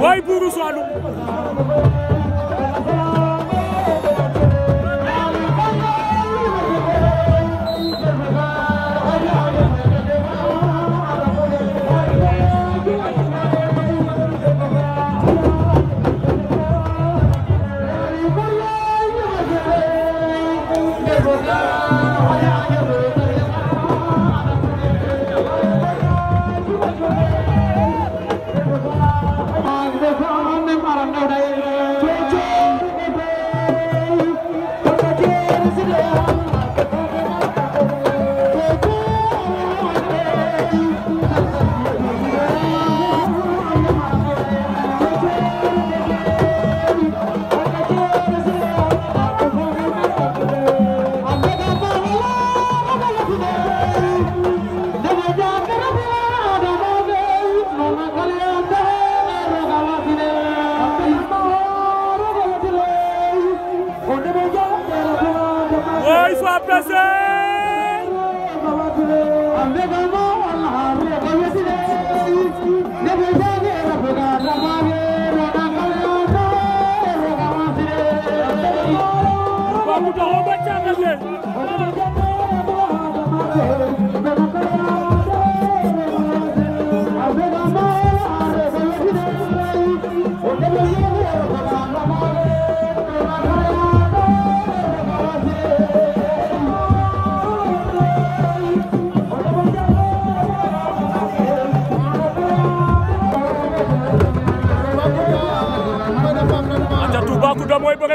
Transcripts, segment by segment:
waay buuru Saloum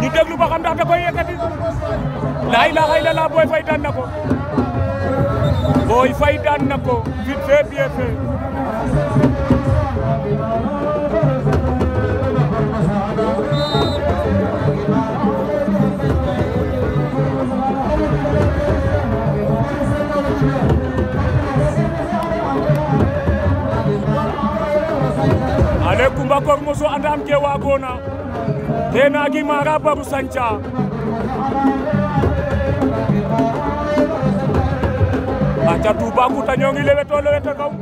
ñu déglu ba xam ndax da koy yëkkati laa ilaha illallah Boy Faye daan na ale kumba kor moso andam ke wagona renagi mara baru sanca aca tuba kuta ñongi leweto leweta kaw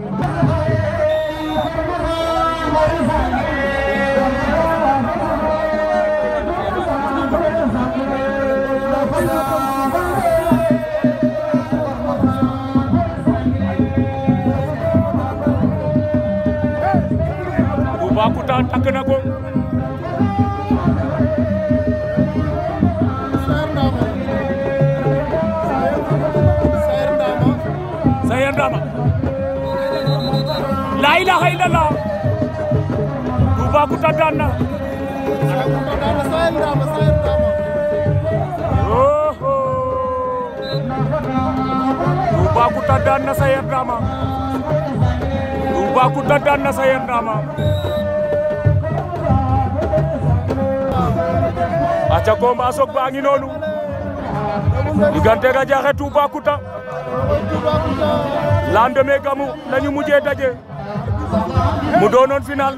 Tuba kuta takna ko Sayer Ndama laa ilaaha illallah Toubacouta daan na Sayer Ndama Sayer Ndama oho Toubacouta daan na Sayer Ndama Toubacouta daan na Sayer Ndama ko combat Sokh baa ngi noonu diggante Radiakhé lande me gamu lañu mujjé dajé mu doonoon final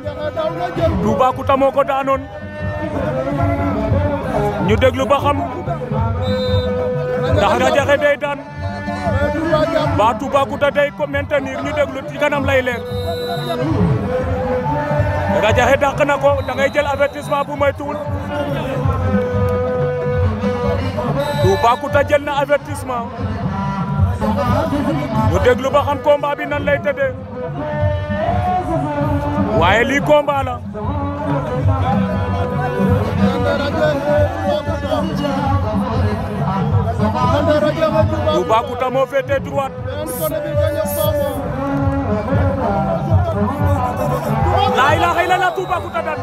Toubacouta moo ko non ñu deglu ba xam ndax Radiakhé day daan ba kuta day ko maintenir ñu deglu ci kanam lay leer Radiakhé dàq na ko da ngay jël avertissement bu moytuwul Toubacouta jël na avertissement ñu déglu ba xam combat nan lay tëddee waaye lii combat la Toubacouta moo féetee droite laa ilaaha illallaah Toubacouta daan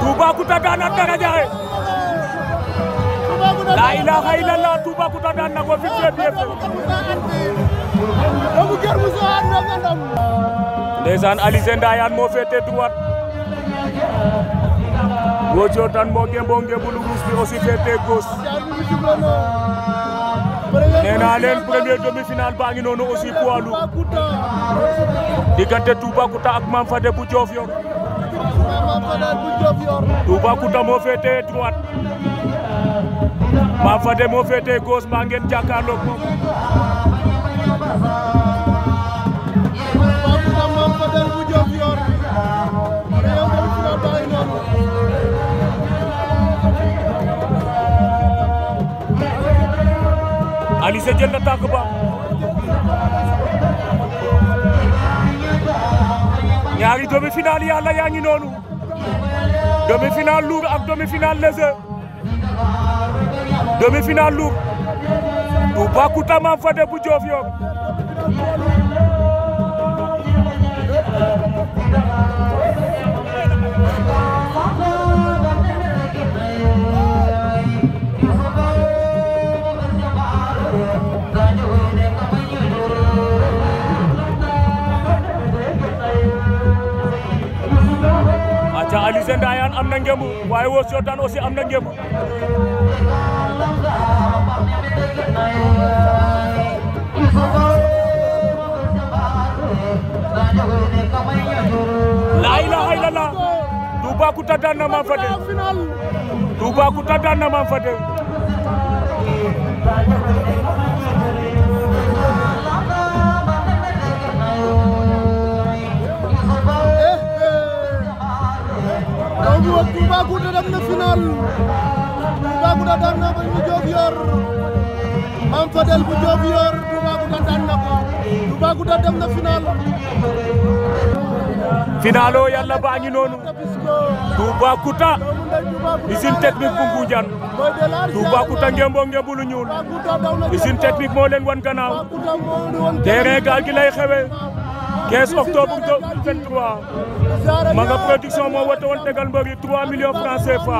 Toubacouta daan ak Dara Jaxé laa ilaaha illallah Toubacouta daan na ko victoire bi ndeysaan Ali Sendayane moo féete droite Ngor moo gëmboo ngëmbulu ruus bi aussi féete gauche leen premier demi-finale baa ngi noonu aussi poids lourd diggante Toubacouta ak Mame Fadé bu Diofior Toubacouta moo féete droite Mame Fadé moo féetee gauche ba ngeen jàkkaarloog moom. Alizé jël na ba ñaari demi-finale yàlla yaa ngi noonu demi-finale lourd ak demi-finale demi-finale lourde Toubacouta Mame Fadé bu Diofior am na ngemb waaye Weur Siotaan aussi na ngemb laa ilaaha illallah na Mame Fadé taw bi yàlla baa ngi noonu Toubacouta usine technique bu Ngoundiane Toubacouta ngemboo ngembu lu ñuul usine technique moo wan gannaaw terrain gaal xewe 15 octobre 2023 Manga Production moo woote woon tegal mbër yi 3 millions francs CFA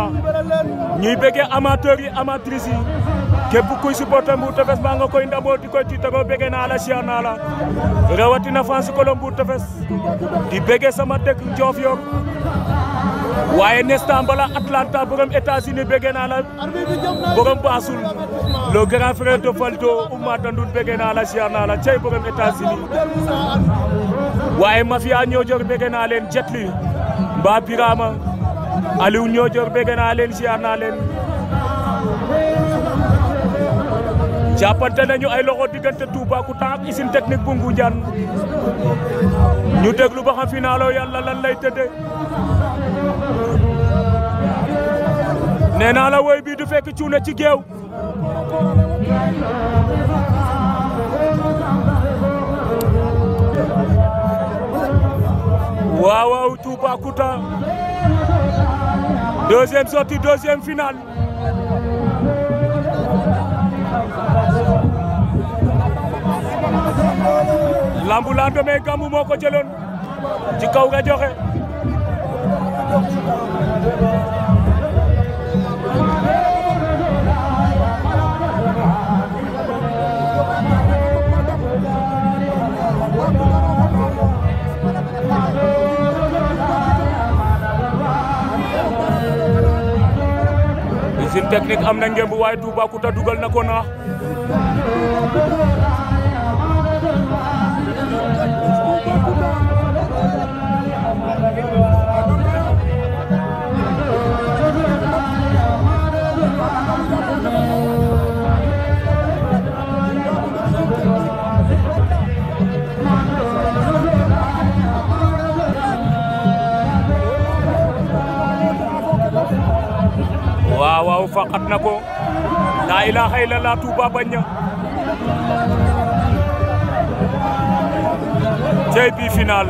ñuy bëggee amateurs yi amatrices yi képp kuy supporter maa nga koy ndamoo di koy tiitaroo bëggee naa la siyaar naa la rawatina fans kolom Mbour Tefess di bëggee sama dëkk Joof Yor waaye nestan bala Atlanta borom États-Unis bëggee naa la borom baasul loo grand frère de Falto umma tandun bege na la siar la cey borom États-Unis waaye mafia ñoojor bege na leen jetli mba pirama Aliou ñoojor bege na leen siar na leen jàppante nañu ay loxo diggante Toubacouta ak usine technique bu Ngoundiane ñu déglu ba xam finalo yàlla lan lay tëddee nena la way bi du fekk ciuna ci géew waaw waaw kuta deuxième sortie deuxième finale lambu lendemain gamu moko ko ci kaw ga joxe technique am na ngemb waaye Toubacouta dugal na ko naax waaw waaw faqat na ko laa ilaaha illallah Touba bañ na cey bi final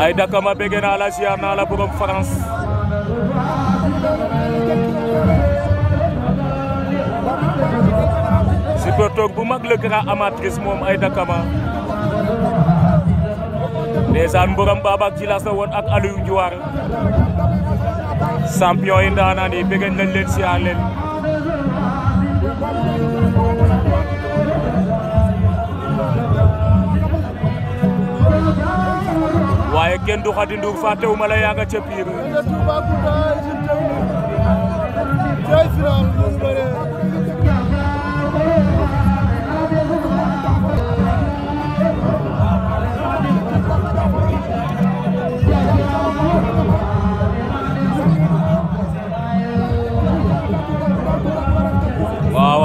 ay daka ma bëgg naa la siyaar naa la borom France supporteur bu mag le grand moom ay daka ma borom Babac Djilass la woon ak Aliou Ndiouar champion yi ndaanaan yi bëgg nañ siyaar leen waaye kenn du Khady Ndour fàttewuma la yaa nga ca piir waaw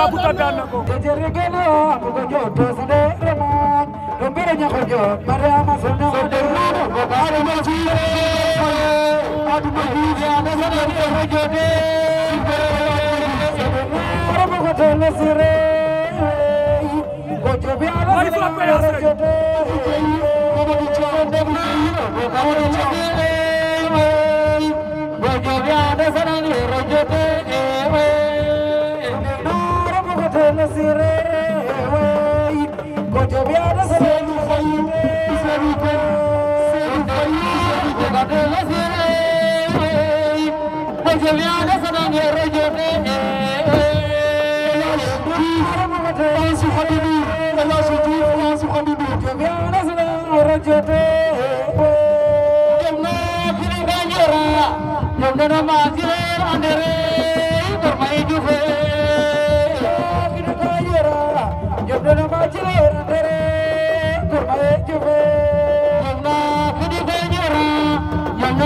Toubacouta daan na ko. Thank you. Nana Mazir, Andera.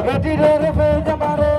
Ready to defend the battle.